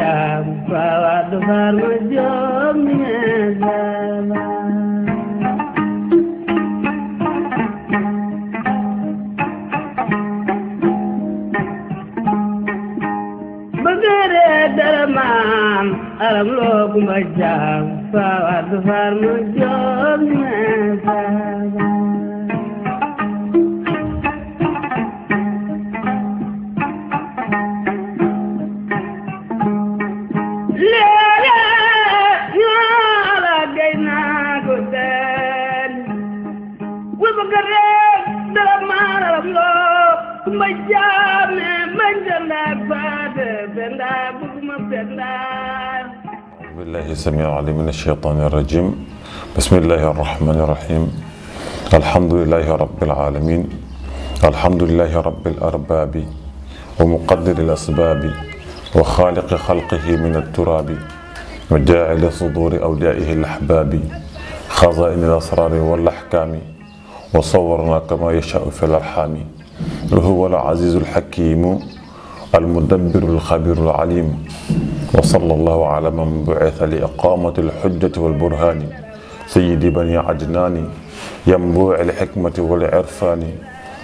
of my tumar بالله السميع العليم من الشيطان الرجيم بسم الله الرحمن الرحيم الحمد لله رب العالمين الحمد لله رب الأرباب ومقدر الأسباب وخالق خلقه من التراب وجاعل صدور أوليائه الأحباب خزائن الأسرار والأحكام وصورنا كما يشاء في الأرحام وهو العزيز الحكيم المدبر الخبير العليم وصلى الله على من بعث لإقامة الحجة والبرهان سيدي بني عدنان ينبوع الحكمة والعرفان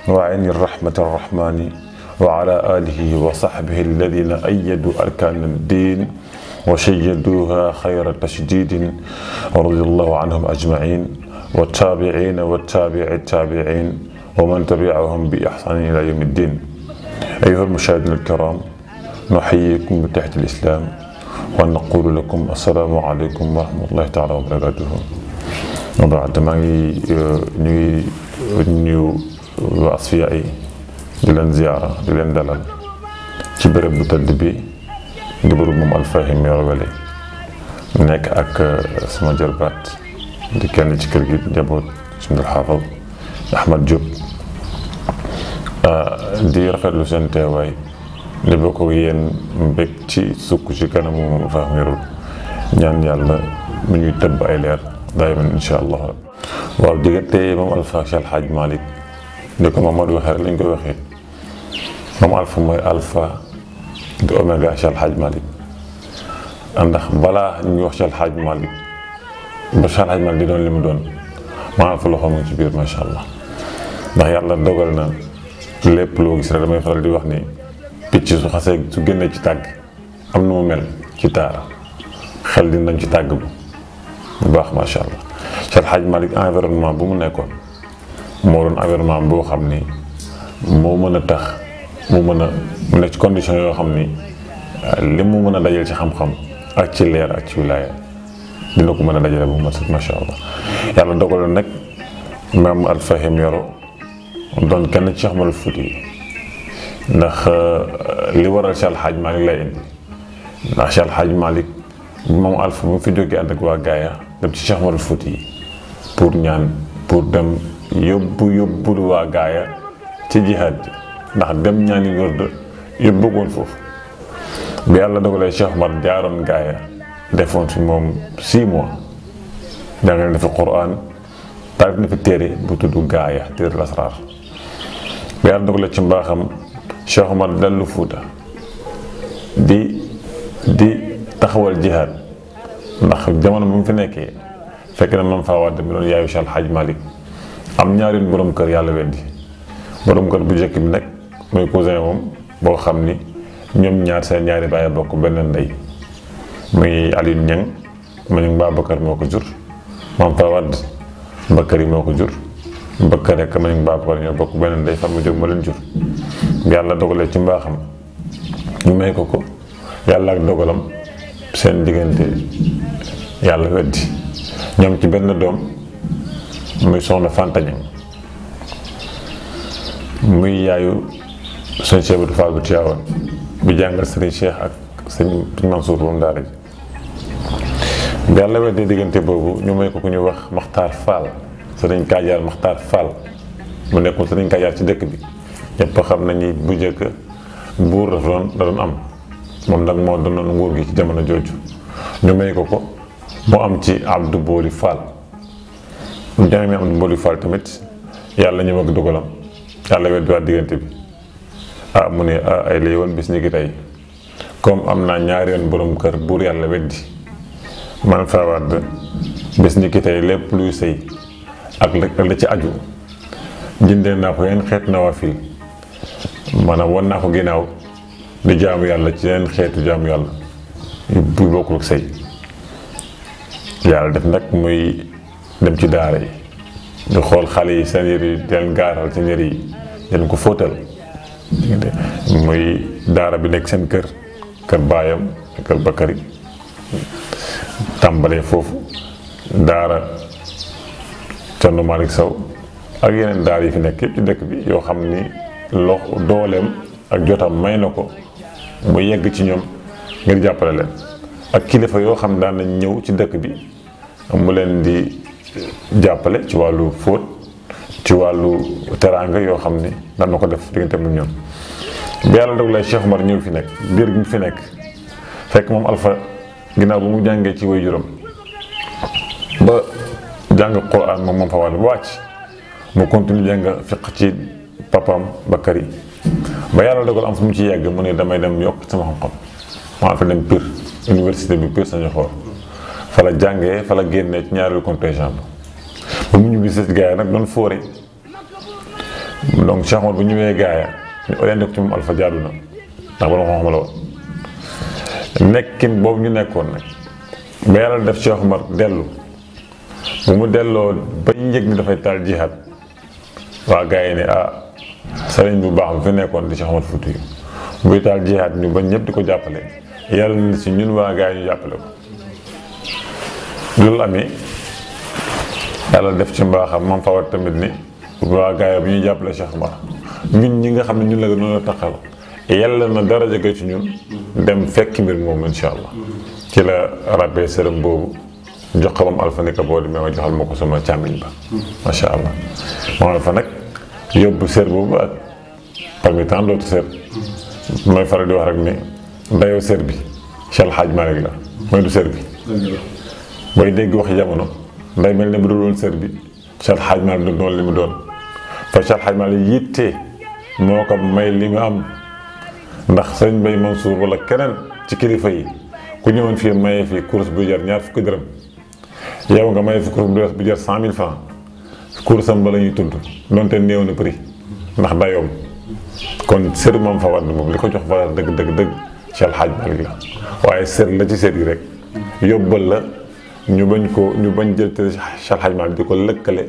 وعين الرحمة الرحمن وعلى آله وصحبه الذين أيدوا أركان الدين وشيدوها خير تشديد ورضي الله عنهم أجمعين والتابعين والتابع التابعين ومن تبعهم بإحسان إلى يوم الدين أيها المشاهدين الكرام نحييكم من تحت الإسلام ونقول لكم السلام عليكم ورحمة الله تعالى وبركاته وبعد ما نيو نيو واسفيائي دلن زيارة دلن دلل كبير بتدبي دبر مم الفاهم يا ربلي أك سما جربات دي كان يذكر جد جابوت اسم الحافظ أحمد جوب دي رفع لسنتي واي li bokk ak yéen mbég ci sukk ci kanamu Fahmirul ñaan yàlla mu ñuy tëbb ay leer daayiman incha allah. waaw diggante moom Alpha ak Alxaaj Malick ni ko koy waxee moom Alpha mooy Alpha di Oméga ak Alxaaj Malick wax ci Alxaaj Malick ba ci Alxaaj di doon li mu doon ma Alpha loxo mu ci biir macha allah ndax yàlla dogal na lépp loo gis rek damay faral di wax ni. picc su xasee su génnee ci tàgg am na mu mel ci taar xel dinañ ci tàgg bu bu baax macha allah Cheikh Hadj Malick environnement bu mu nekkoon moo doon environnement boo xam ni moo mën a tax mu mën a mu nekk ci condition yoo xam ni euh, li mu mën a dajale ci xam-xam ak ci leer ak ci wilaaya dina ko mën a dajale bu mu mat macha allah yàlla dogaloon nag maam Alfahim Yoro doon kenn ci Cheikh Malick Fouti ndax euh, li waral Cheikh Al Hadj Malick lay indi ndax Cheikh Al Hadj moom Alpha bu mu fi jógee ànd ak waa gaaya dem ci Cheikh Malick Fouti pour ñaan pour dem yóbbu yóbbul waa gaaya ci jihaad ndax dem ñaani wërd yóbbu bëggoon foofu bi yàlla dogalee Cheikh Omar jaaroon gaaya defoon fi moom six mois jàngale na fi Qur'an taalif na fi téere bu tudd gaaya téere lasraar bi yàlla dogalee ci mbaaxam Cheikh Omar lu Fuuta di di taxawal jihaad ndax jamono bi mu fi nekkee fekk na man faa wàdde mi doon yaayu Cheikh Alxaaj Malik am ñaari borom kër yàlla weddi borom kër bu njëkk bi nag muy cousin moom boo xam ni ñoom ñaar seen ñaari baay bokk benn ndey muy Alioune Niang ma ñu Babacar moo ko jur man faa wàdd Bakari moo ko jur mbëkk rek ma ñu beneen day far bu jóg ma leen jur yàlla ci mbaaxam may ko ko yàlla ak dogalam seen diggante yàlla weddi ñoom ci benn doom muy soxna fantañam muy yaayu sëñ Cheikh Abdou bu Tiwaawan bi jàngal sëriñ Cheikh ak sëñ Mansour ba mu daara ji yàlla weddi diggante boobu ñu may ko ku ñu wax Maxtaar Fall sëriñ Kadiar Makhtar Fall mu nekkoon sëriñ Kadiar ci dëkk bi ñëpp xam nañu bu njëkk buur dafa doon da doon am moom nag moo doonoon nguur gi ci jamono jooju ñu may ko ko mu am ci Abdou Bori Fall mu demee Abdou Bori tamit yàlla ñëw ak dogalam yàlla weddiwaat diggante bi ah mu ne ah ay lay woon bis ñi comme am naa ñaari yoon borom kër buur yàlla weddi man faawaat bis ñi lépp luy sëy ak la ci aju jëndee naa ko yenn xeet nawaafil maanaam wan naa ko ginnaaw di jaamu yàlla ci yenn xeetu jaamu yàlla bu bokkul ak sëy yàlla def nag muy dem ci daara yi di xool xale yi seen yëri di leen gaaral seen yëri yi leen ko fóotal muy daara bi nekk seen kër kër baayam kër Bakari tàmbalee foofu daara Thierno Malick Sow ak yeneen daara yi fi nekk yëpp ci dëkk bi yoo xam ni lox dooleem ak jotam may na ko ba yegg ci ñoom ngir jàppale leen ak kilifa yoo xam daan nañ ñëw ci dëkk bi mu leen di jàppale ci wàllu fóot ci wàllu teraanga yoo xam ni daan na ko def diggante mu ñoom ba yàlla dog lay Cheikh Omar ñëw fi nekk biir gi mu fi nekk fekk moom alfa ginnaaw bu mu jàngee ci way juróom ba jàng quran moom moom fa war ba wàcc mu continue jàng fiq ci papaam bakkar ba yàlla dogal am fu mu ci yegg mu ne damay dem yokk sama xam-xam maa fa dem Pire université bi Pire sañu xool fa la jàngee fa la génnee ci ñaareelu contingent ba mu ñibbi si gaaya nag doon fóore donc Cheikh Omar bu ñëwee gaaya ñu orienté ko ci moom Alpha jaadu na ndax borom xam-xam la woon nekkin boobu ñu nekkoon nag ba yàlla def Cheikh Omar dellu bu mu delloo ba njëg ni dafay taal jihaad waa gars yi ne ah sëriñ bu baax bu fi nekkoon di Cheikh Ahmad Fouti buy taal jihaad ñu ba ñëpp di ko jàppale yàlla na si ñun waa gars yi ñu jàppale ko loolu amee yàlla def ci mbaaxam mam fawat tamit ni waa gars yi bu ñuy jàppale Cheikh Ahmad ñun ñi nga xam ne ñun la ko noonu la taxal yàlla na dara jóge ci ñun dem fekk mbir moom incha allah ci la rabee sërëm boobu جقرم ألف نك بول ما وجه المقسمة تعمل با ما شاء الله ما ألف نك يوب بسير بوبا بالمتان لو تسير ما يفرق لو هرقني دا يو سير بي شال حاج مالك لا ما يدو سير بي بي ديك وخي جامنو دا يميل نبرولون سير بي شال حاج مالك لو دون لمو دون فشال حاج مالك يتي موكا بميل لما أم نخسن بي منصور ولا كنن تكلفي كنيون في ماي في كورس بيجر نعرف كدرم yow nga may fi course bu bees bu jar cent mille francs course am ba la ñuy tudd donte néew na prix ndax dayoom kon sër moom fa war na moom li ko jox valeur dëgg dëgg dëgg ci alxaaj Malik la waaye sër la ci sër yi rek yóbbal la ñu bañ ko ñu bañ jël te ci alxaaj Malik di ko lëkkale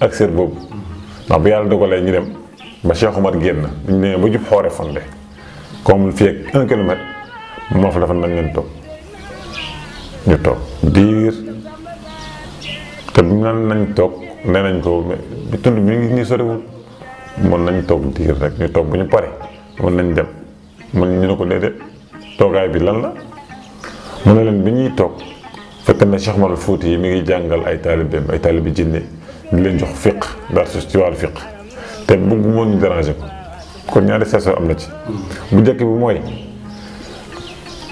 ak sër boobu ndax bu yàlla dogalee ñu dem ba Cheikh Omar bu ñu ne ba jub xoore fonde comme fii ak un kilomètre moo fa dafa nañ leen toog ñu toog te bu nan nañ toog nee nañ ko mais tund bi ngi ñu soriwul mën nañ toog diir rek ñu toog bu ñu pare mën nañ dem mën ñu ne ko déedéet toogaay bi lan la mu ne leen bi ñuy toog fekk na Cheikh Omar Fouti yi mi ngi jàngal ay taalibeem ay taalibe jinne di leen jox fiq dar su ci wàllu fiq te bëgg moon ñu déranger ko kon ñaari station am na ci bu njëkk bi mooy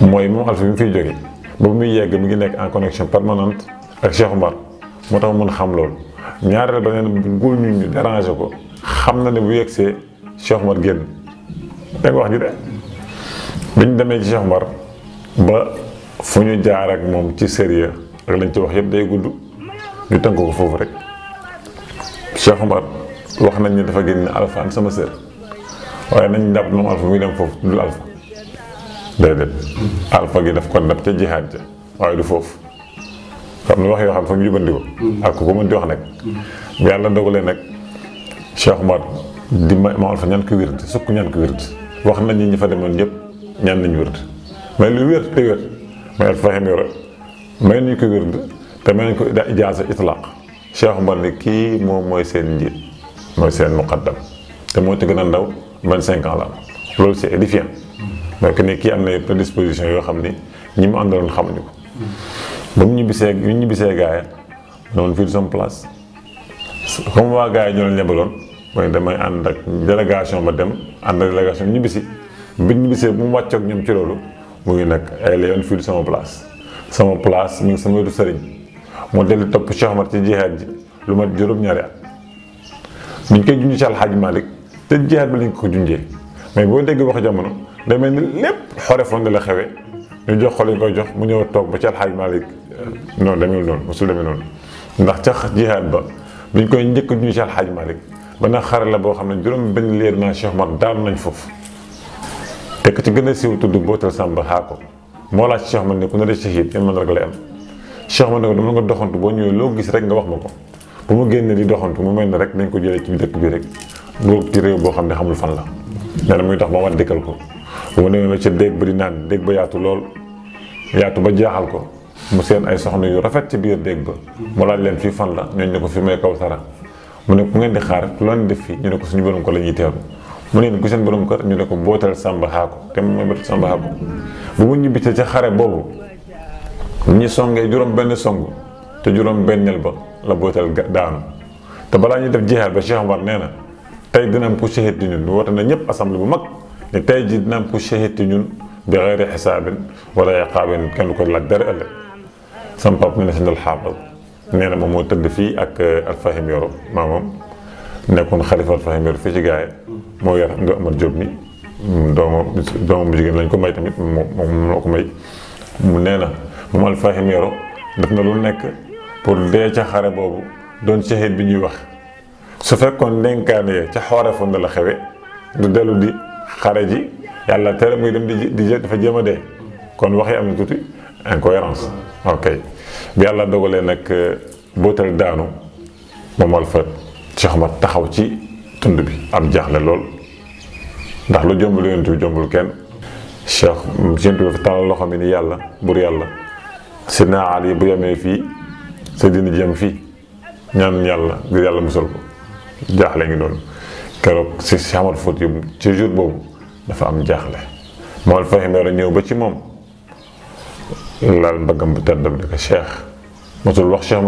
mooy moom Alpha bi mu fiy jógee ba muy yegg mi ngi nekk en connexion permanente ak Cheikh Omar moo tax mun xam loolu ñaareel ba neen nguur ñu ñu déranger ko xam na ne bu yegsee Cheikh Omar génn danga wax ji de bi ñu demee ci Cheikh ba fu ñu jaar ak moom ci sérieux ak lañ ci wax yëpp day gudd ñu tënk ko foofu rek Cheikh Omar wax nañ ne dafa génn alpha an sama sër waaye nañ ndàpp moom alpha muy dem foofu dul alpha déedéet alpha gi daf ko ndàpp ca jihaad ja waaye du foofu xamni wax yo xam fa bëndiko hmm. ak ko mënti di wax nak hmm. bu yalla ndogale nak cheikh omar di ma ma fa ñan ko wërd ko ñan ko wërd wax nañ ñi fa demon ñep ñan nañ wërd may lu wërd te wërd may al fahim yoro may ñu ko wërd te may ko da ijaza itlaq cheikh omar ni ki mo moy seen njit moy seen muqaddam te mo te gëna ndaw 25 ans la lolu c'est édifiant donc hmm. ne ki am na prédisposition yo xamni ñi mu andalon xamnu ko ba mu ñibbisee bi ñibbisee gaaya noonu fii du sama place comme waa gaaya ñoo leen lebaloon mooy damay ànd ak délégation ma dem ànd ak délégation bi ñibbisi bi ñibbisee bu mu wàccoog ñoom ci loolu mu ngi nag ay layoon fii du sama place sama place mi ngi sama wetu sëriñ moo dellu topp Cheikh Omar ci jihaad ji lu mat juróom-ñaari at biñ koy junj ci Alxaaji Malik te jihaad bi lañ ko junjee mais boo dégg wax jamono day mel ni lépp xore foon la xewee ñu jox ko lañ koy jox mu ñëw toog ba ci Alxaaji Malik noonu demewul noonu mosul demee noonu ndax ca jihaad ba biñ koy njëkk ñu ci Alxaaj Malik ba na xare la boo xam ne juróom benn leer naa Cheikh Omar daanu nañ foofu te ku gën a siiw tudd bootal Samba xaa ko moo laaj Cheikh Omar ne ku ne de shahid yan man rek lay am Cheikh Omar ne ko dama nga doxantu boo ñëwee loo gis rek nga wax ma ko bu mu génnee di doxantu mu mel ne rek dañ ko jëlee ci dëkk bi rek boobu ci réew boo xam ne xamul fan la nee na muy tax ba war dëkkal ko bu ma demee ba ca déeg ba di naan déeg ba yaatu lool yaatu ba jaaxal ko mu seen ay soxna yu rafet ci biir dégg ba mu laaj leen fii fan la ñooñ ne ko fi may kaw sara mu ne ku ngeen di xaar ku def fi ñu ne ko suñu borom ko la ñuy teeru mu ne ku seen borom kër ñu ne ko bootal sàmba xaako te mooy bootal sàmba mu ñibbitee ca xare boobu ñi songee juróom benn song te juróom benneel ba la bootal daanu te balaa ñu def jihaad ba Cheikh Omar nee na tey dina am ku shahid di ñun woote na ñëpp assemblée bu mag ne tey ji dina am ku shahid ñun bi xeeri xisaabin wala iqaabin kenn ko laaj dara ëllëg sama papa mi ne si ndal xaabal nee na moom moo tëdd fii ak Alfahim Yoro maa moom nekkoon xalifa Alfahim Yoro fii ci gars yi moo yar nga amat Diop mi doomam doomam bu jigéen lañ ko may tamit moom moom moo ko may mu nee na moom Alfahim Yoro def na lu nekk pour dee ca xare boobu doon shahid bi ñuy wax su fekkoon ndénkaane ya ca xoore fond la xewe du dellu di xare ji yàlla tere muy dem di di dafa jéem a dee kon wax yi am na tuuti incohérence ok bi yàlla dogalee nag bootal daanu moom fa Cheikh Omar taxaw ci tund bi am jaaxle lool ndax lu jombul yonent bi jombul kenn Cheikh yonent bi fa tàllal loxo mi ni yàlla bur yàlla sidna ali bu yemee fii sa dina jëm fii ñaan yàlla ngir yàlla musal ko jaaxle ngi noonu keroog si Cheikh Omar Fouti ci jour boobu dafa am jaaxle moom Alfa Himera ñëw ba ci moom laal mbaggam bu teddam ni ko cheikh mosul wax cheikh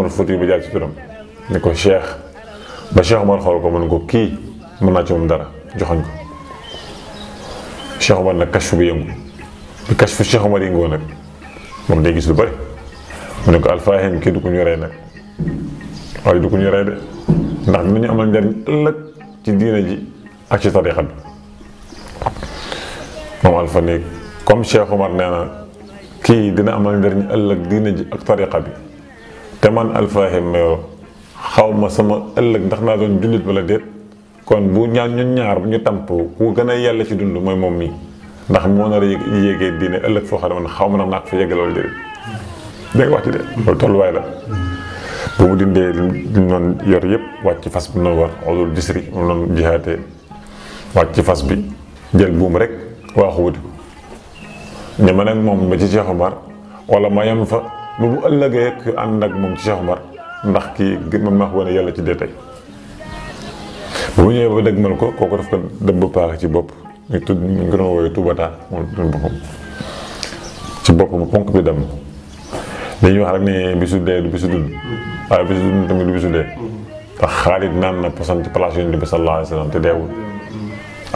ni ko cheikh ba cheikh Umar xool ko mën ko kii mën naa ci moom dara joxoñ ko cheikh Umar nag kashfu bi yëngu bi kashfu cheikh Umar yëngoo nag moom day gis lu bëri mu ne ko alfaahim kii du ko ñu rey nag waaye du ko ñu rey de ndax dinañu amal njariñ ëllëg ci diina ji ak ci tariixa bi moom alfa ni comme cheikh Umar kii dina amal njariñ ëllëg diina ji ak tariqa bi te man alfahim mayoro xaw ma sama ëllëg ndax naa doon jullit wala déet kon bu ñaar ñun ñaar bu ñu tamp ku gën a yàlla ci dund mooy moom mii ndax moo nar a yéegee diine ëllëg foo xam ne man xaw ma na naak fa yeggal wala déet dégg wax ci de tolluwaay la bu mu dindee li noon yor yëpp wàcc fas bi noonu war odul bisri mu noonu jihaatee wàcc fas bi jël buum rek waaxu wuti ne ma nag moom ba ci Cheikh Omar wala ma yem fa ba bu ëllëgee ak ànd ak moom ci Cheikh Omar ndax kii man ma ko wane yàlla ci détail bu mu ñëwee ko kooku daf ko dëbb ci bopp ñu tudd ñu ko doon woowee tubataa ci boppam ponk bi dem dañuy wax rek ne bisu dee du bisu dund waaye bisu dund tamit du naan na posan ci place yonent bi te deewul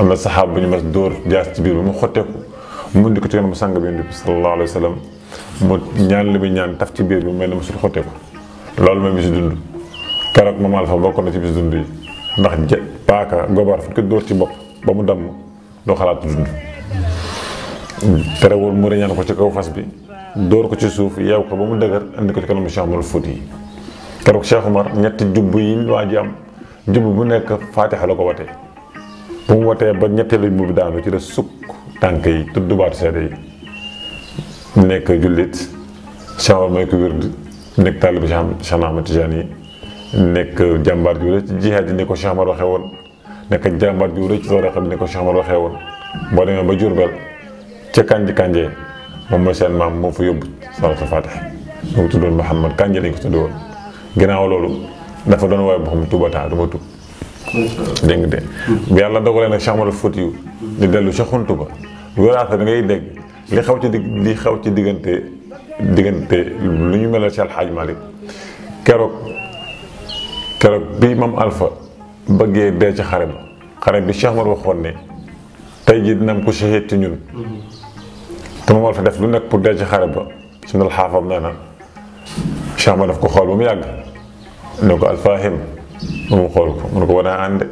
na saxaab bu ñu mas dóor jaas ci biir ba mu xotteeku mu di ko ci kanam bi indi bi sallallahu alayhi wa sallam mu ñaan li muy ñaan taf ci biir bi mel ne mosul xottee ko loolu mooy bisu dund keroog moom Alpha bokkoon na ci bisu dund yi ndax jë paaka gobar fu ci bopp ba mu damm doo xalaat dund terewul mu ko ci kaw fas bi dóor ko ci suuf yeew ko ba mu dëgër indi ko ci kanamu Cheikh Omar Fouti yi keroog Cheikh ñetti jubb yi waa ji am jubb bu nekk faatixa la ko watee bu mu watee ba ñetteelu jubb bi daanu ci la sukk tànk yi tudd baatu seede yi nekk jullit chambre may ko wird nekk taalib Cheikh Ahmad Tijaan nekk jàmbaar ju rëcc ci jihaad yi ni ko Cheikh Amar waxee woon ko Cheikh Amar waxee woon boo demee ba Jurbel ca Kànji Kànjee moom mooy seen maam moo fa yóbbu salaatul faatiha mu ngi tuddoon Muhammad Kànji ko tudd woon ginnaaw loolu dafa doon waaye boo xam tubataa du ma tub de bu hmm. yàlla dogalee nag Cheikh Amar di delu ci xuntu ba wéraate da ngay deg li xaw ci dig li xaw ci digante digante lu ñu melal ci al alxaaj Malik kero kero bi mam alfa bëgge be ci xare ba xare bi Cheikh Mar waxon ne tay ji dina ko shahid ci ñun te mam Alpha def lu nek pour de ci xare ba sunu al xaafam nee Cheikh Mar daf ko xol bu mu yag ne ko fahim mu xol ko mu ko wana ande ànd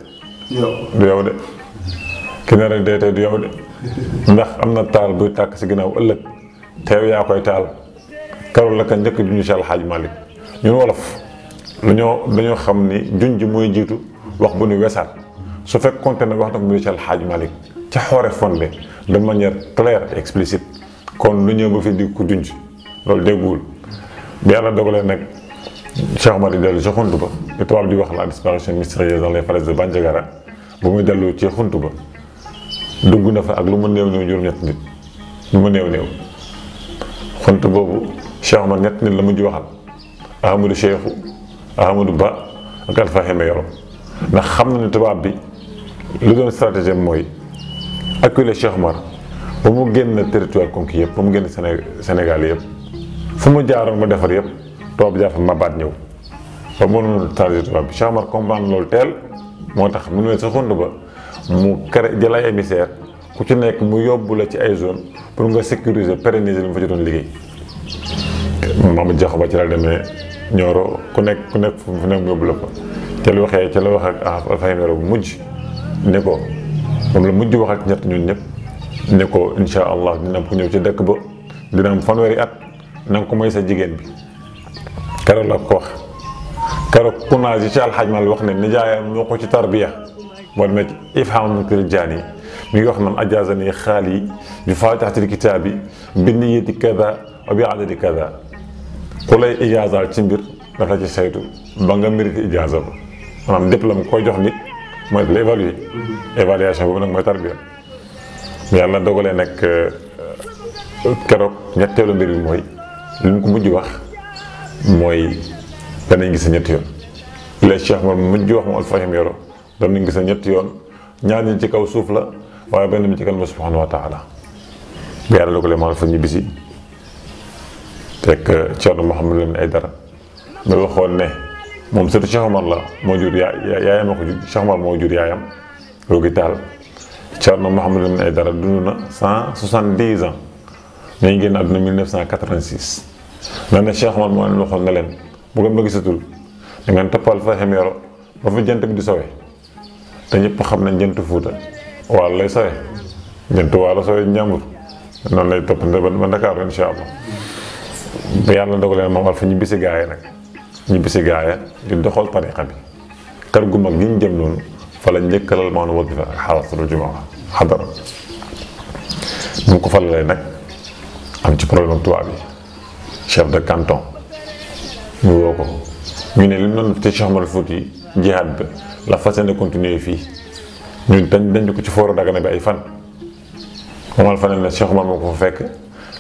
du yow de ki ne la dee tey du yomb de ndax am na taal buy tàkk ci ginnaaw ëllëg teew yaa koy taal karol la njëkk junj si alxaaj Malik ñun wolof dañoo dañoo xam ni junj muy jiitu wax bu nu wesaat su fekkoonte ne wax na ko mu si alxaaj Malik ca xoore fonde de manière claire et explicite kon lu ñëw ba fi di ko junj loolu dégguwul bi yàlla dogalee nag Cheikh Omar di dellu si xunt ba li tubaab di wax la disparition mystérieuse dans les falaises de Bandiagara bu muy dellu ci xunt ba dugg na fa ak lu mu néew néew juróom-ñett nit lu mu néew néew xont boobu Cheikh Omar ñett nit la mujj waxal Ahmadou Cheikhou Ahmadou Ba ak Alpha Heme Yoro ndax xam na ne tubaab bi lu doon stratégie mooy acculer Cheikh mar ba mu génn territoire conquis yëpp ba mu génn Sénégal yëpp fu mu jaaroon mu defar yëpp tubaab jaar fa ma mabaat ñëw ba mënoon stratégie tubaab bi Cheikh mar comprendre loolu teel moo tax mu ne sa xont ba mu créé jël ay émissaire ku ci nekk mu yóbbu la ci ay zone pour nga sécuriser pérenniser li mu fa jotoon liggéey Mamadou Diakho ba ci la demee Nioro ku nekk ku nekk fu nekk mu yóbbu la ko ca la waxee ca la wax ak Alfayda Nioro bu mujj ne ko moom la mujj wax ak ñett ñun ñëpp ne ko incha allah dina am ku ñëw ci dëkk ba dina am fanweeri at na nga ko sa jigéen bi keroog la ko wax keroog kunaas yi ci alxajmal wax ne nijaayam ñoo ko ci tarbiya والمد إفهام من كل جاني ميوخ من أجازني خالي بفاتحة الكتاب بالنية كذا وبعدد كذا كل إجازة تنبر نفلت سيدو بانغمير إجازة أنا دبلوم كوي جوخني ما إيفالوي إيفالوي عشان بمنا ما تربية يالله دوغل أنك كرب نتيلو بيري موي لنكو مجوخ موي بنين جسن نتيلو لأشياء مجوخ مؤلفة doon nañ gis ñet yoon ñaar ñi ci kaw suuf la waaye benn bi ci kan subhanahu wa taala bi yàlla ko lemal fa ñibbisi fekk cerno mohammed lamine ay dara mi waxoon ne moom sëtu cheikh omar la moo jur yaayam ko jur cheikh omar moo jur yaayam rogi taal cerno mohammed lamine ay dara dund na 170 ans ngi génn àdduna 1986 nee na cheikh omar moo leen waxoon na leen bu ngeen ma gisatul da ngeen toppal fa xemero ba fa jant bi di sowee te ñëpp xam nañ jënt Fuuta waalo lay sawe jënt waalo sawe njàmbur noonu lay toppante ba ba Ndakaaru incha allah ba yàlla dogalee moom Alfa ñibbi si gaaya nag ñibbi si gaaya di doxal tariqa bi kër gu mag gi ñu jëm noonu fa la njëkkalal maanaam wasifa ak xaalatul jumaa xadara bu mu ko falalee nag am ci problème ak tubaab yi chef de canton woo ko ñu ne li mu doon ci Cheikh Omar Fouti jihaad ba la façon de continuer fii ñun dañ dañ ko ci fooru Dagana bi ay fan. xamal faneen ne Cheikh Oumar moo ko fa fekk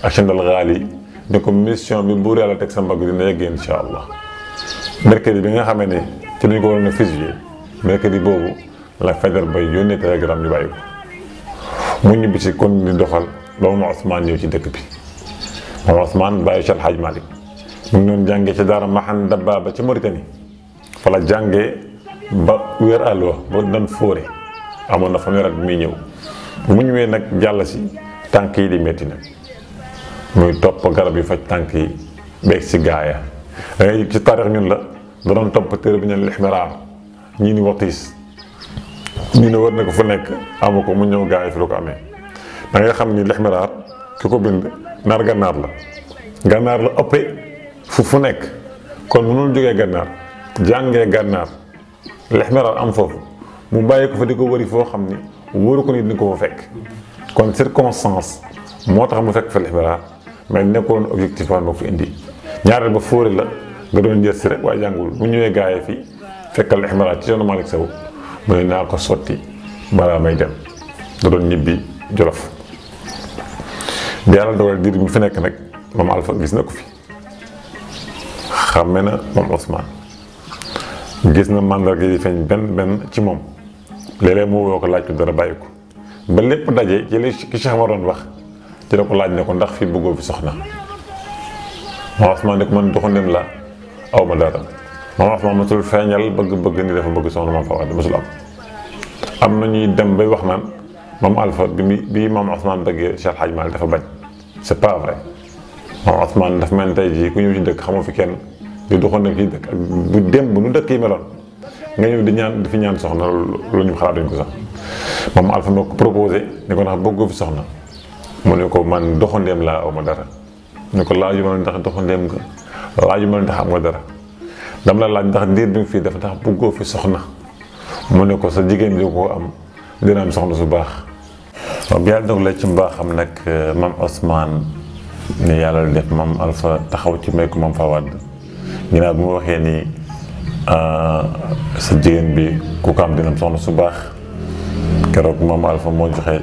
ak Cendal Ghali ne ko mission bi buur yàlla teg sa mbagg dina yegg incha allah mercredi bi nga xamee ne ci lañ ko waroon a fusillé mercredi boobu la Faidherbe Bay yónnee télégramme ñu bàyyi ko mu ñibbi si kon di doxal ba moom Ousmane ñëw ci dëkk bi moom Ousmane bàyyi Cheikh Hadj Malick mu ngi doon jàngee ci daara Mahan Dabba ba ci Mauritanie fa la jàngee. ba weer àll wa ba doon fóore na fanweer bi muy ñëw ñëwee nag jàll si tànk yi di métti muy topp garab yi faj tànk yi beeg si gaaya da ci taarix ñun la da doon topp téere bi ñeen lixmiraar ñii ni watiis ñu ne war ko fu nekk amu ko mu ñëw gaaya fi lu ko amee xam ni lixmiraar ki ko bind naar gànnaar la gànnaar la ëppee fu fu nekk kon mënul jógee gànnaar jàngee gànnaar lexmeral am foofu mu bàyyi ko fa di ko wëri foo xam ni wóoru ko ni dina ko fa fekk kon circonstance moo tax mu fekk fa lexmeral mais nekkoon objectif am moo fi indi ñaareel ba fóore la nga doon jël si rek waaye jàngul bu ñëwee gaayee fii fekkal lexmeral ci yoonu Malick Sow mu ne naa ko sotti balaa may dem nga doon ñibbi Jolof bi yàlla dogal diir bi mu fi nekk nag moom Alpha gis na ko fi xàmme na moom Ousmane gis na màndarga yi feeñ benn benn ci moom léeg-léeg mu woo ko laaj ko dara bàyyi ko ba lépp daje ci li ki Cheikh Omar doon wax ci ko laaj ne ko ndax fi bëggoo fi soxna maam Asmaan ne ko man doxandéem la aw ma dara maam Asmaan mosul feeñal bëgg-bëgg ni dafa bëgg soxna maam Fawaad mosul am am na ñuy dem bay wax naan maam Alpha bi muy bi maam Asmaan bëggee Cheikh Hadj Malick dafa bañ c'est pas vrai maam Asmaan dafa mel ni tey jii ku ñëw ci dëkk xamoo fi kenn. di doxoon dem bu nu dëkk yi meloon nga ñëw di ñaan di fi ñaan ñu xalaatuñ ko moom Alpha moo ko proposé bëggoo fi soxna mu ne ko man doxandeem laa aw ma dara ne ko laaju ma ndax doxandeem nga laaju ma ndax am nga dara dam la laaj ndax diir bi nga fii def ndax bëggoo fi soxna mu ne ko sa jigéen ji ko am dina am su baax waaw yàlla dog la ci mbaaxam nag euh, mam Ousmane ni yàlla def mam Alpha taxaw ci may ko mam Fawad ginnaaw bi mu waxee ni ah, sa jigéen bi ku ko am dina am soxna su baax keroog maam Alpha moo joxe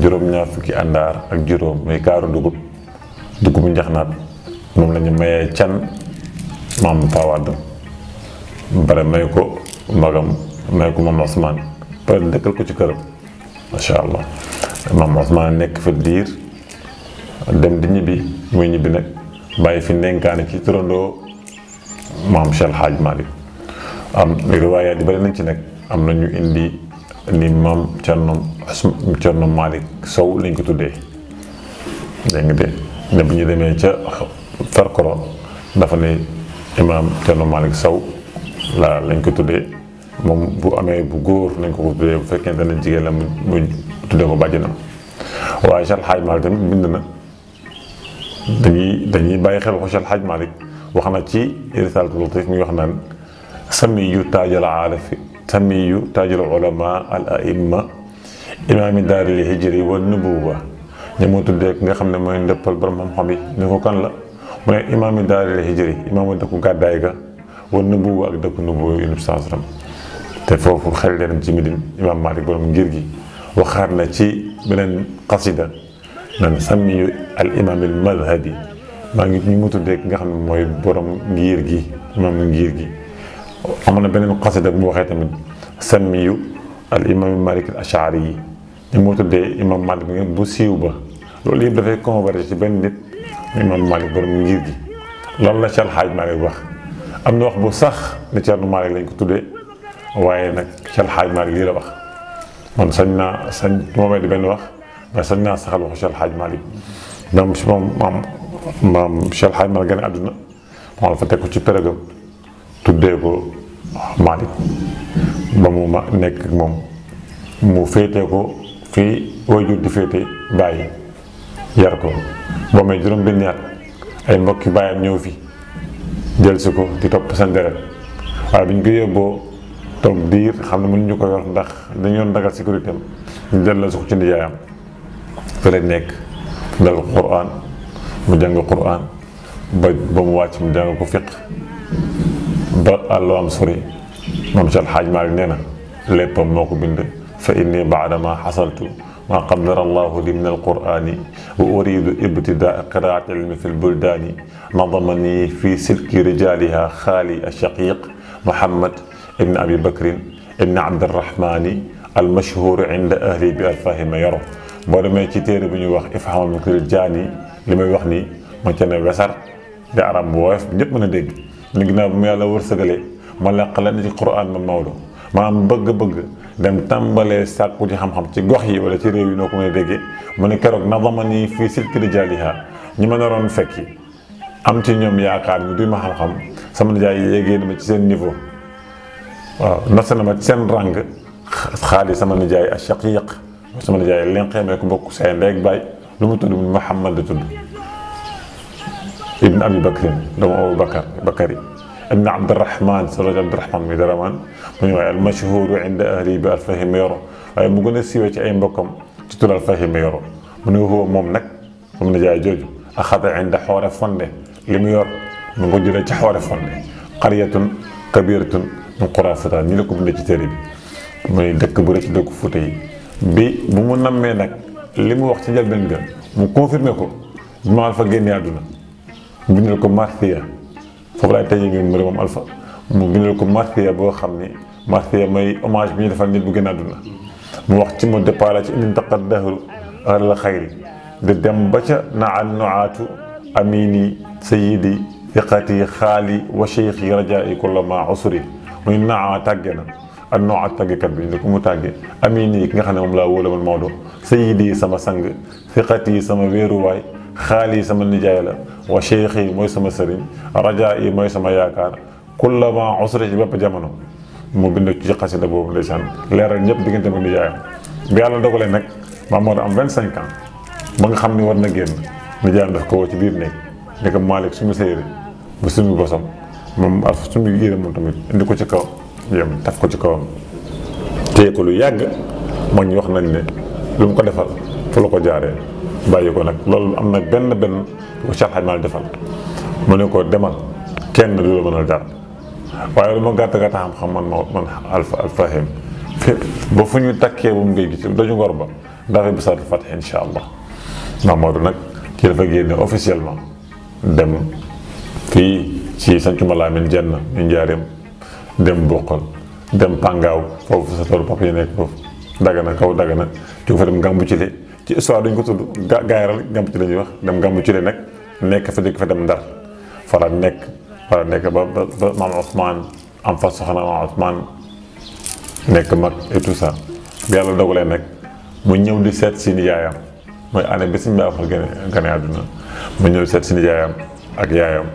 juróom-ñaar fukki àndaar ak juróom muy kaaru dugub dugubu njaxnaat moom la ñu mayee can maam Pawaad bare may ko magam may ko maam Ousmane pare dëkkal ko ci këram macha allah maam Ousmane nekk fa diir dem di ñibbi muy ñibbi nag bàyyi fi ndenkaane ci turandoo maam Cheikh Hadj Malick am riwaayaat yi bari nañ ci nekk am na ñu indi ni maam Cerno Cerno Malick Sow lañ ko tuddee bu ñu demee ca Farkoro dafa ne imaam Cerno Malick Sow la lañ ko tuddee moom bu amee bu góor nañ ko ko tuddee bu fekkente ne jigéen la mu mu tuddee ko bàjjanam waaye Cheikh Hadj Malick tamit bind na dañuy dañuy bàyyi xel ko Cheikh Hadj Malick wax na ci risaalatul latiif mi ngi wax naan samiyu taajal aarifi samiyu taajal ulama al aimma imaami daaril hijri wa nubuwa ñi moo tuddee nga xam ne mooy ndëppal borom xam-xam yi ne ko kan la mu ne imaami daaril hijri imaamu dëkku gàddaay ga wa nubuwa ak dëkku nubuwa yu nubi saasaram te foofu xel leen ci midin imaam Maalik borom ngir gi waxaat na ci beneen qasida naan samiyu al imaam al madhabi maa ngi ñu mu tuddee ki nga xam ne mooy borom ngir gi imaam ngir gi amoon na beneen xasida bu mu tamit samiyu al imam malik al ashari yi ñu mu tuddee imaam malik bu siiw ba loolu yëpp dafay converger ci benn nit imam malik borom ngir gi loolu la Cheikh Alhaaj Malik wax am na wax bu sax ne Thierno Malik lañ ko tuddee waaye nag Cheikh Alhaaj Malik lii la wax man sañ naa sañ moomee di benn wax mais sañ naa saxal waxu Cheikh Alhaaj Malik donc si moom maam Cheikh Xaaj gane àdduna moo la fa teg ko ci pérégam tuddee ko Malick ba mu ma nekk moom mu féetee ko fii waajur di féete bàyyi yar ko boo may juróom benn at ay mbokki bàyyam ñëw fi jël si ko di topp seen deret waaye bi ñu ko xam ne mënuñu ko yor ndax dañu yoon dagal sécurité am ñu delloo si ko ci nijaayam fa lay nekk dal Quraan mu jàng quran ba ba mu wàcc mu jàng الحاج fiq ba àllu am فإني بعد ما حصلت ما قدر الله لي من القرآن وأريد ابتداء قراءة علم في البلدان نظمني في سلك رجالها خالي الشقيق محمد ابن أبي بكر ابن عبد الرحمن المشهور عند أهلي بألفاه ما يرى بولما كتير بن يوخ إفهام الجاني li may wax nii ma ca ne wesar di arab bu woyof bi ñëpp mën a dégg ni ginnaaw bi mu yàlla wërsëgalee ma làq leen ci quran man Maodo maanaam bëgg-bëgg dem tàmbalee sàkku ci xam-xam ci gox yi wala ci réew yi noo ko mën a déggee mu ne keroog nadama nii fii silki rijaaliha ñi ma naroon fekki am ci ñoom yaakaar ñu duy ma xam-xam sama nijaay yéegee na ma ci seen niveau waaw nose na ma ci seen ràng yi sama nijaay a shaqiq sama nijaay lenqee may ko bokk say ndeeg baay لمتن محمد تدو ابن أبي بكر دم أبو بكر بكري ابن عبد الرحمن سرج عبد الرحمن مدرمان من المشهور عند أهلي بالفهم يرو أي مقولة سوى أي بكم تطلع الفهم يرو من هو ممنك ومن جاء جوجو أخذ عند حوار فند لميور من قدرة حوار فند قرية كبيرة من قرى فتاة نيلكم من الجتاري من دك بريك دك فتاة بي بمنا منك li mu wax ci njëlbeen ga mu confirmé ko maam Alpha génnee àdduna mu bindal ko Marsiya foofu laay tëjee ngeen mën moom Alpha mu bindal ko Marsiya boo xam ni Marsiya may hommage bi ñu defal nit bu génn àdduna mu wax ci mu départ ci indi taqat dahru alal xayri di dem ba ca naal nuaatu amini sayidi fiqati xaali wa cheikhi rajaa'i kulla ma usri muy naa tàggee na ak non ak tàggekat bi ni ku mu tàgge amin yi ki nga xam ne moom laa wóola man Maodo sayidi sama sang fiqat yi sama wéeruwaay xaal yi sama nijaay la wa cheikh yi mooy sama sëriñ raja yi mooy sama yaakaar kullama usra ci bépp jamono mu bind ci xasida boobu ndeysaan leeral ñëpp diggante ak nijaayam bi yàlla dogalee nag maam Maodo am vingt cinq ans ba nga xam ni war na génn nijaayam daf ko woo ci biir néeg ni ko Malick suñu séyri bu suñu bosam moom ak suñu yére moom tamit indi ko ci kaw jëm taf ko ci kawam téye ko lu yàgg mag ñi wax nañ ne lu mu ko defal fu la ko jaaree bàyyi ko nag loolu am na benn benn ko Cheikh Hadj Malick defal mu ne ko demal kenn du la mënal dara waaye lu ma gàtt gàtt xam-xam man ma man alfa alfahim ba fu ñu takkee bu mu ngay gis dañu ngor ba dafay bisaatu fatih insha allah Mamadou nag ci dafa génne officiellement dem fii ci sancu Malamine jenn ñu njaareem dem boqal dem pàngaaw foofu sa toolu papa yi nekk foofu dagana kaw dagana jóg fa dem gàmbu ci le ci histoire duñ ko tudd ga gaayaral gàmbu ci la ñuy wax dem gàmbu ci le nag nekk fa dëkk fa dem ndar fa la nekk fa la nekk ba ba maam Ousmane am fa soxna maam Ousmane nekk mag et tout ça bi yàlla dogalee nag mu ñëw di seet si yaayam mooy année bi suñu baaxul gane gane àdduna mu ñëw seet si nijaayam ak yaayam.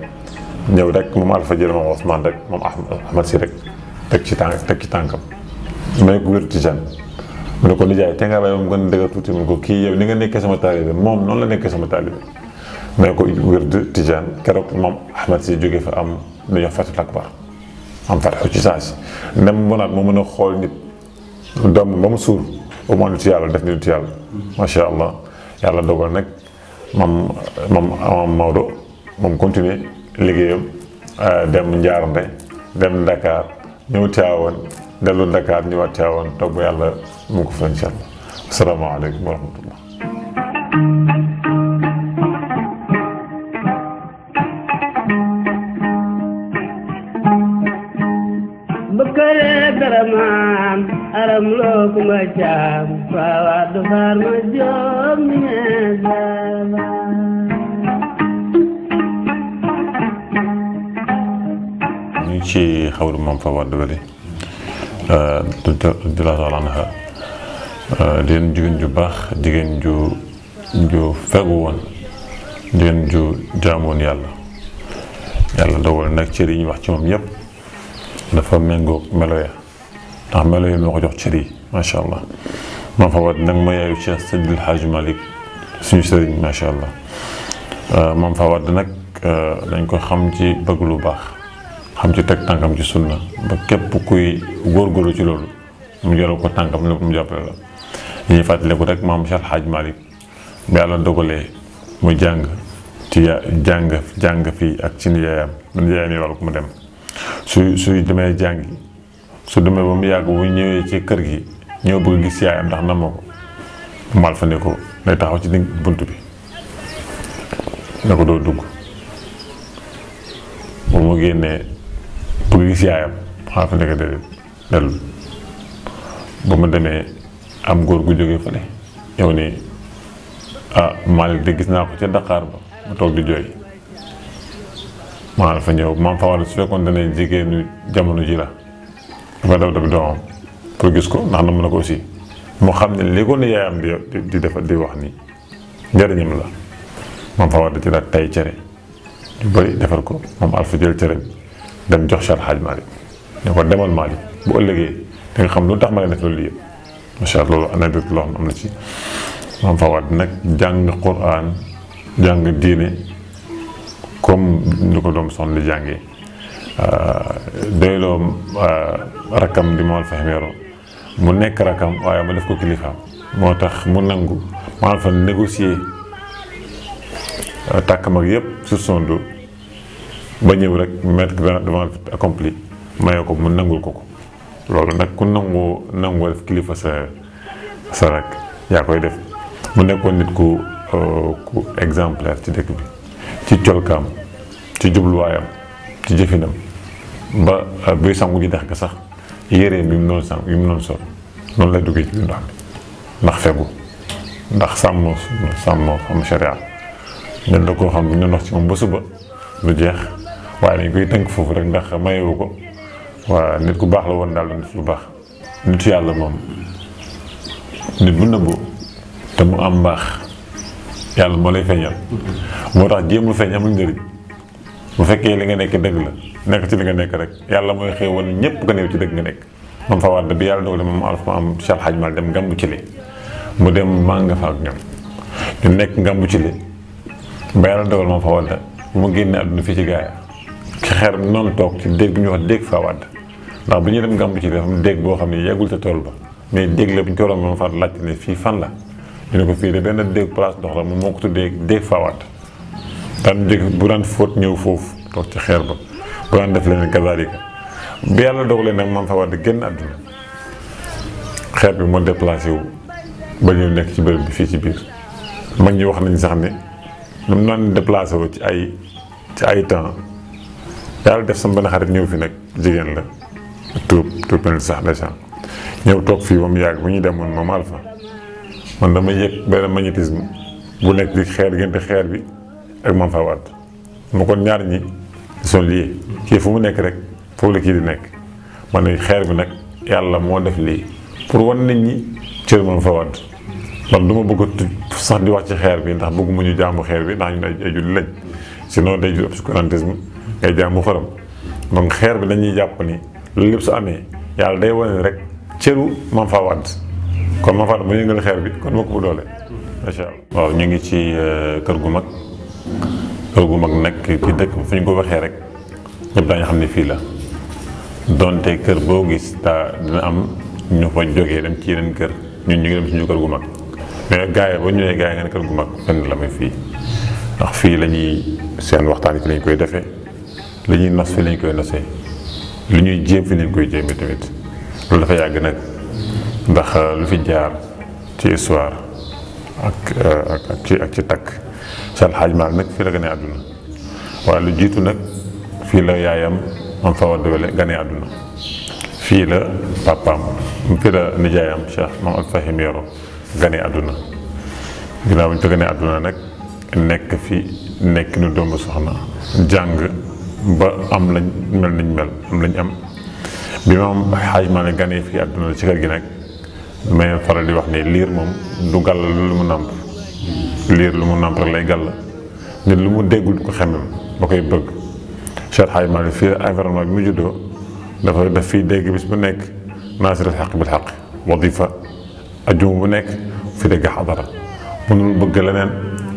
ñëw rek moom Alpha jël moom Ousmane rek moom Ahmad si rek teg ci tànk teg ci tànkam may ko wér tijaan mu ne ko nijaay te nga bay moom gën a dëgër tuuti mu ko kii yow ni nga nekkee sama taalibe moom noonu la nekkee sama taalibe may ko wérd tijaan keroog moom Ahmad si jóge fa am lu ñuy fatul akbar am fatxu ci saa si nem mu naat moo mën a xool nit doom ba mu suur au moins yàlla def nitu macha allah yàlla dogal nag moom moom Maodo moom continuer liggéeyam dem Njaarnde dem Dakar ñëw teewoon dellu Dakar ñëwaat teewoon toog ba yàlla mu ko fa incha allah asalaamaaleykum wa rahmatullah maam aram loo ku nga jaam faawaat du faar ma joom ni خاور من فوار دبلي ا آه، دلا زالانها ا آه، دين جون جو باخ ديغن جو جو فغوون دين جو جامون يالا يالا دوول نك تي ريغ واخ تي موم ييب دا فا مينغو ملويا دا ملويا موكو جوخ تي ما شاء الله ما فواد نك ما يايو شيخ سيد الحاج مالك سيني سيرين ما شاء الله ا آه، مام فواد نك دا نكو خام تي بغلو باخ xam ci teg tànkam ci sunna ba képp kuy góor góorgóorlu ci loolu mu jaral ko tànkam lépp mu jàppale la li ñuy fàttaliku rek maam Cheikh xaaj Malick ba yàlla dogalee mu jàng ci jàng jàng fii ak ci nijaayam ba nijaayam yi wàllu ko mu dem su suy demee jàngi su demee ba mu yàgg bu ñëwee ci kër gi ñëw bëgg gis yaayam ndax na ma ko mal fa ne ko day taxaw ci bunt bi na ko doo dugg bu mu génnee bëgg gis yaayam ma demee am góor gu jógee fa ne yow ni ah, de gis naa ko ca Dakar mu toog di fa ñëw maam Fawal su ji la dafa daw dabi doomam pour gis ko ndax na mën na ko aussi mu xam ne li ko ne yaayam di defar di wax nii njëriñam la maam Fawal da ci daal tay cere ñu bëri defar ko moom Alpha cere bi dem jox Cheikh Hadj Malick ne ko demal Malick boo ëllëgee da nga xam lu tax ma ne def loolu yëpp macha allah na ci maam Fawad nag jàng Qur'an jàng diine comme ni ko doom soxna di jàngee euh, doyloo euh, rakam di Maodo Fahimero mu nekk rakkam waaye ma def ko kilifaam moo tax mu nangu maanaam fa négocier euh, tàkkam ak yëpp sur son ba ñew rek mettre devant accompli mayo ko mu nangul ko lolu nak ku nangu nangu def kilifa sa sa rek ya koy def mu nekkon nit ku euh, ku exemplaire ci dekk bi ci colkaam ci wayam ci jëfinam ba euh, buy sangu di dex ka sax yere bi non noonu sang non mu non sol noonu lay duggee ci biir ndax fegu ndax sàmm sàmm am sharia den da ko xam ñu nox ci mom ba suba du jeex waaye dañ koy tënk foofu rek ndax mayewu ko waaw nit ku baax la woon daal doon def lu baax nitu yàlla moom nit bu nëbbu te mu am mbaax yàlla moo lay feeñal moo tax jéem lu feeñ amul njëriñ bu fekkee li nga nekk dëgg la nekk ci li nga nekk rek yàlla mooy xéewal ñëpp ko néew ci dëgg nga nekk moom fa wadd bi yàlla dogal moom alf am Cheikh Hadj Mal dem ngambu ci li mu dem maa nga fa ak ñoom ñu nekk ngambu ci li ba yàlla dogal moom fa wadd bu mu génnee àdduna fii ci gaaya ci xeer bi noonu toog ci dégg bu ñuy wax dégg faawaat ndax bi ñuy dem gàmmu ci dafa dégg boo xam ne yeggul sa tool ba mais dégg bu ñu toolam moom far laajte ne fan la ñu ne fii de benn dégg place ndox la moom moo ko tuddee dégg faawaat daan jóg bu daan fóot ñëw foofu toog ci xeer ba bu def leneen kazaalika bi yàlla dogalee nag maam faawaat di génn àdduna bi moo déplacé wu ba ñëw nekk ci bërëb bi fii ci biir mag ñi wax nañ sax ne lu mu naan déplacé wu ci ay ci ay temps yàlla def sama benn xarit ñëw fi nag jigéen la tuub tuub benn sax ndeysaan ñëw toog fii ba mu yàgg bu ñu demoon moom Alpha man dama yëg benn magnétisme bu nekk di xeer diggante xeer bi ak Mame Fawade ma kon ñaar ñi sont liés kii fu mu nekk rek foofu la kii di nekk man ne xeer bi nag yàlla moo def lii pour wan nit ñi cër Mame Fawade man du ma bëgg a sax di wax ci xeer bi ndax bëgguma ñu jaamu xeer bi ndax ñu ay julli lañ sinon day jur ngay jaamu xorom donc xeer bi dañuy jàpp ni lu lépp su amee yàlla day wane rek cëru Mame Fawade kon Mame Fawade mu yëngal xeer bi kon moo ko bu doole macha allah. waaw ñu ngi ci euh, kër gu mag kër gu mag nag ci dëkk fu ñu ko waxee rek ñëpp xam ne fii la donte kër boo gis daa dina am ñu fa jógee dem ci yeneen kër ñun ñu ngi dem suñu kër gu mag mais gaa yi boo ñëwee gaa yi kër gu mag fenn la may fii ndax fii la ñuy seen waxtaan yi fi lañ koy defee. li ñuy nas fi lañ koy nasee li ñuy jéem fi lañ koy jéemee tamit loolu dafa yàgg nag ndax euh, lu fi jaar ci histoire ak euh, ci takk Sall Xaaj Maalik nag fii la gane àdduna waaye jiitu nag fii la yaayam am fa àdduna fii la papaam fii la nijaayam Cheikh moom ak Fahim Yoro gane àdduna ginnaaw bu ñu fa gane àdduna nag nekk fi nekk nu doomu soxna jàng ba am lañ mel nañ mel am lañ am bi ma am xaaj ma ne ganee fii àdduna ci kër gi nag may faral di wax ne liir moom du gàll lu mu nàmp liir lu mu nàmp rek lay gàll nit lu mu déggul du ko xemem ba koy bëgg Cheikh xaaj ma ne fii environnement bi mu juddoo dafa daf fiy dégg bis bu nekk naasiril xaq bil xaq wadifa ajum bu nekk fi dégg xadara mënul bëgg leneen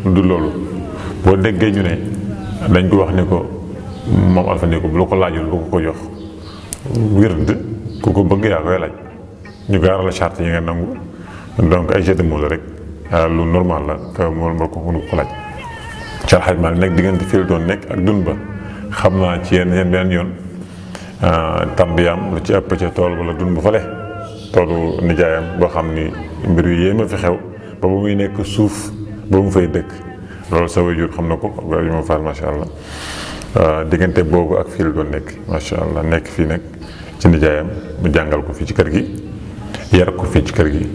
du loolu boo déggee ñu ne dañ ko wax ni ko moom alfandiku Néegu bu la ko laajul bu ko ko jox wird ku ko bëgg yaa koy laaj ñu gaaral la chart yi nga nangu donc ay jeu de la rek ah, lu normal la te moom moo ko mënu ko laaj. Cheikh Al Hadj Malick nag doon nekk ak dund ba xam naa ci yenn yenn benn yoon ah, tàmbiyaam lu ci ëpp ca tool wala dund ba fale toolu nijaayam boo xam ni mbir yu yéem a fi xew ba ba muy nekk suuf ba mu fay dëkk loolu sa waajur xam na ko ak ma faal macha allah. Euh, diggante boobu ak fii la doon nekk macha allah nekk fii nag ci nijaayam mu jàngal ko fii ci kër gi yar ko fii ci kër gi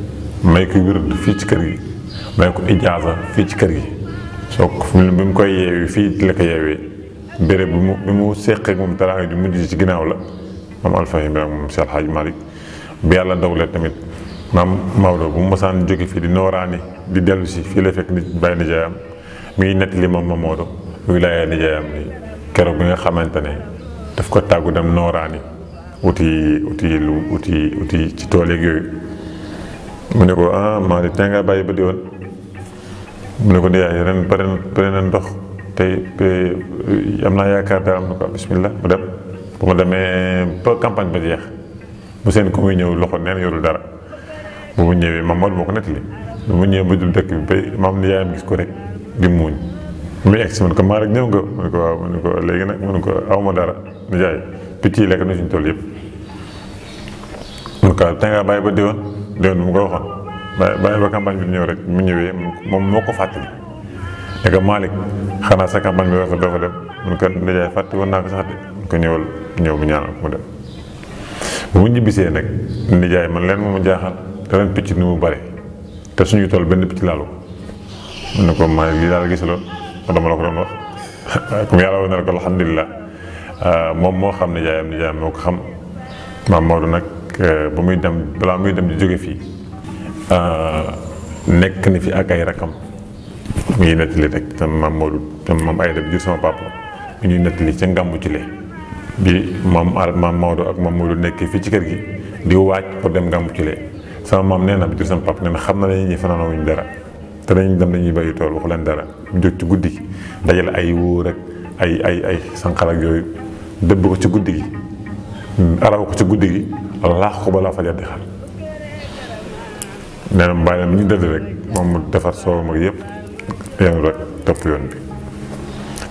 may ko wérd fii ci kër gi may ko ijaaza fii ci kër gi soo ko fi mu koy yeewee fii la ko yeewee béréb bi mu bi mu seqee moom teraanga ju mujj ci ginnaaw la maam Alpha Ibrahima moom Cheikh Hadj Malick bi yàlla dogalee tamit maam Maodo bu mu mosaan jóge fii di nooraani di dellu si fii la fekk nit bàyyi nijaayam mi ngi nettali moom Maodo wilaaya nijaayam kero bi nga xamantene daf ko tagu dem norani uti uti lu uti uti ci tole yeeg mu ne ko ah ma di tanga baye ba di won mu ne ko ne yaay ren paren pare ndox te am naa yaakaar daal ko ah, bismillah mu dem bu ma demee ba campagne ba diex bu sen ko muy ñew loxo neen yorul dara bu mu ñëwee Mamadou ko nettali bu mu ñëwee ba dul dëkk bi mam ni yaam gis ko rek di muñ mi ex man ko ma rek ñew nga mu ko waaw mu ko legi nak man ko awma dara ni jaay piti lek nu suñ tool yëpp mu ne ko te ngaa bàyyi ba déwén déwén mu ko waxoon bay bay ba campagne bi ñew rek mu ñewé mom moko fatte fàttali ne ko Malick xanaa sa campagne bi waxa dafa dem mu ne ko nijaay fàtte woon naa ko sax de mu ko ñewal ñew bu ñaanal mu dem bu bisé nak ni jaay man leen mu jaaxal da ren piti nu mu bari te suñu tol benn piti laalu mu ne ko Malick lii daal gisaloon moo tax ma la ko doon wax ko alhamdulilah euh, moom moo xam nijaayam nijaayam moo ko xam maam Maodo nag euh, ba muy dem balaa muy dem di jóge fii euh, nekk na fii ak ay rakam mu ngi nettali rek te maam Maodo te maam Ayda bi jur sama papa mi ñuy nettali ca ngàmmu ci le bi maam maam Maodo ak maam Maodo nekkee fii ci kër gi di waaj pour dem ngàmmu ci le sama maam nee na bi jur sama papa nee na xam na ne ñi fanaanawuñ dara te dañuy dem dañuy bàyyi tool waxu leen dara jóg ci guddi gi dajale ay wóor ak ay ay ay ak yooyu dëbb ko ci guddi gi araw ko ci guddi gi laax ko balaa fajar di xar nee mu bàyyi leen ñu dëdd rek moom mu defar soow mag yëpp yéen rek topp yoon bi.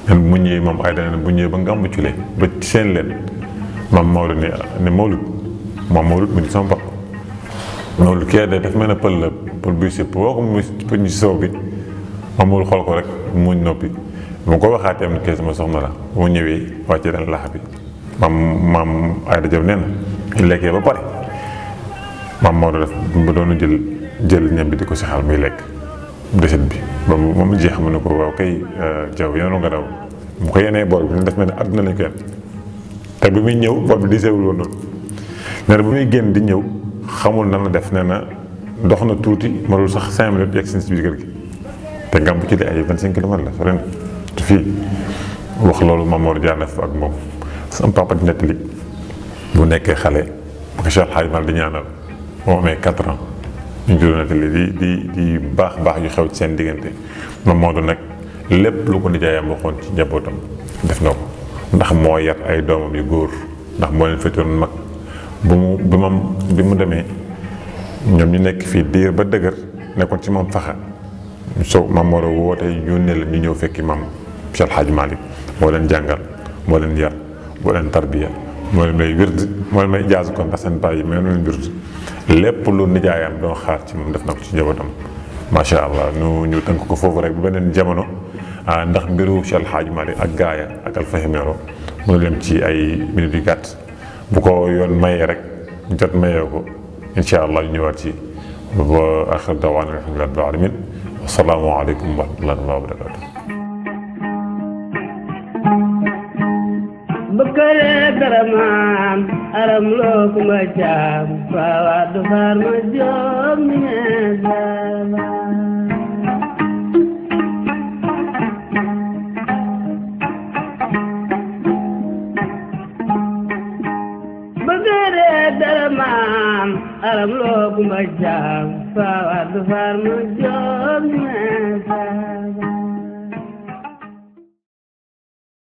nen bu ñëwee moom ay dana bu ñëwee ba nga am ba ci leen seen leen maam Maodo ne ne Mawlud maam Mawlud mu di sama loolu kee de daf mel ne pël la pël buy sipp woo ko muy ñu si sow bi amul xool ko rek muñ noppi mu ko waxaat tamit kee sama soxna la mu ñëwee wàcce daan lax bi maam maam Ayda Jaw nee na lekkee ba pare maam Maodo def ba doon jël jël ñam bi di ko si xal muy lekk deset bi ba mu jeex mu ne ko waaw kay jaw euh, yenoon nga daw mu ko yenee bool bi daf mel ne àdduna lañ ko yenn te bi muy ñëw bool bi di sewul noonu nee na bu muy génn di ñëw xamul na la def nee na dox na tuuti marul sax cinq minutes yegg si si biir kër gi te ngàmb ci li ay vingt cinq kilomètres la sore na te fii wax loolu Mamoor Jaane fa ak moom sama papa di nettali bu nekkee xale bu ko Cheikh Xaaj Mal ñaanal moo amee quatre ans ñu juróom nettali di di di baax baax yu xew ci seen diggante moom moo du nag lépp lu ko nijaayam waxoon ci njabootam def na ko ndax moo yar ay doomam yu góor ndax moo leen féetewoon mag bu mu bi moom bi mu demee ñoom ñu nekk fii diir ba dëgër nekkoon ci moom faxa so maam war woote yónnee la ñu ñëw fekki maam Cheikh Hadj Malick moo leen jàngal moo leen yar moo leen tarbiya moo leen may wird moo leen may jaasu kon ndax seen bàyyi may leen lépp lu nijaayam doon xaar ci moom def na ko ci njabootam macha allah ñu ñu tënk ko foofu rek bu beneen jamono ah, ndax mbiru Cheikh Hadj Malick ak gaaya ak Alfayda Mero mu leen ci ay minutes yu gàtt. bu ko yoon mayee rek jot mayee ko incha allah ñu ñëwaat ci ba axir dawaan alhamdulilah rabbil alamin wasalaamualeykum wa rahmatullahi wa barakatu bëkkale karamaam aram loo ku ma jaam faawaat du faar ma joom ñi ne दरान जाम जाम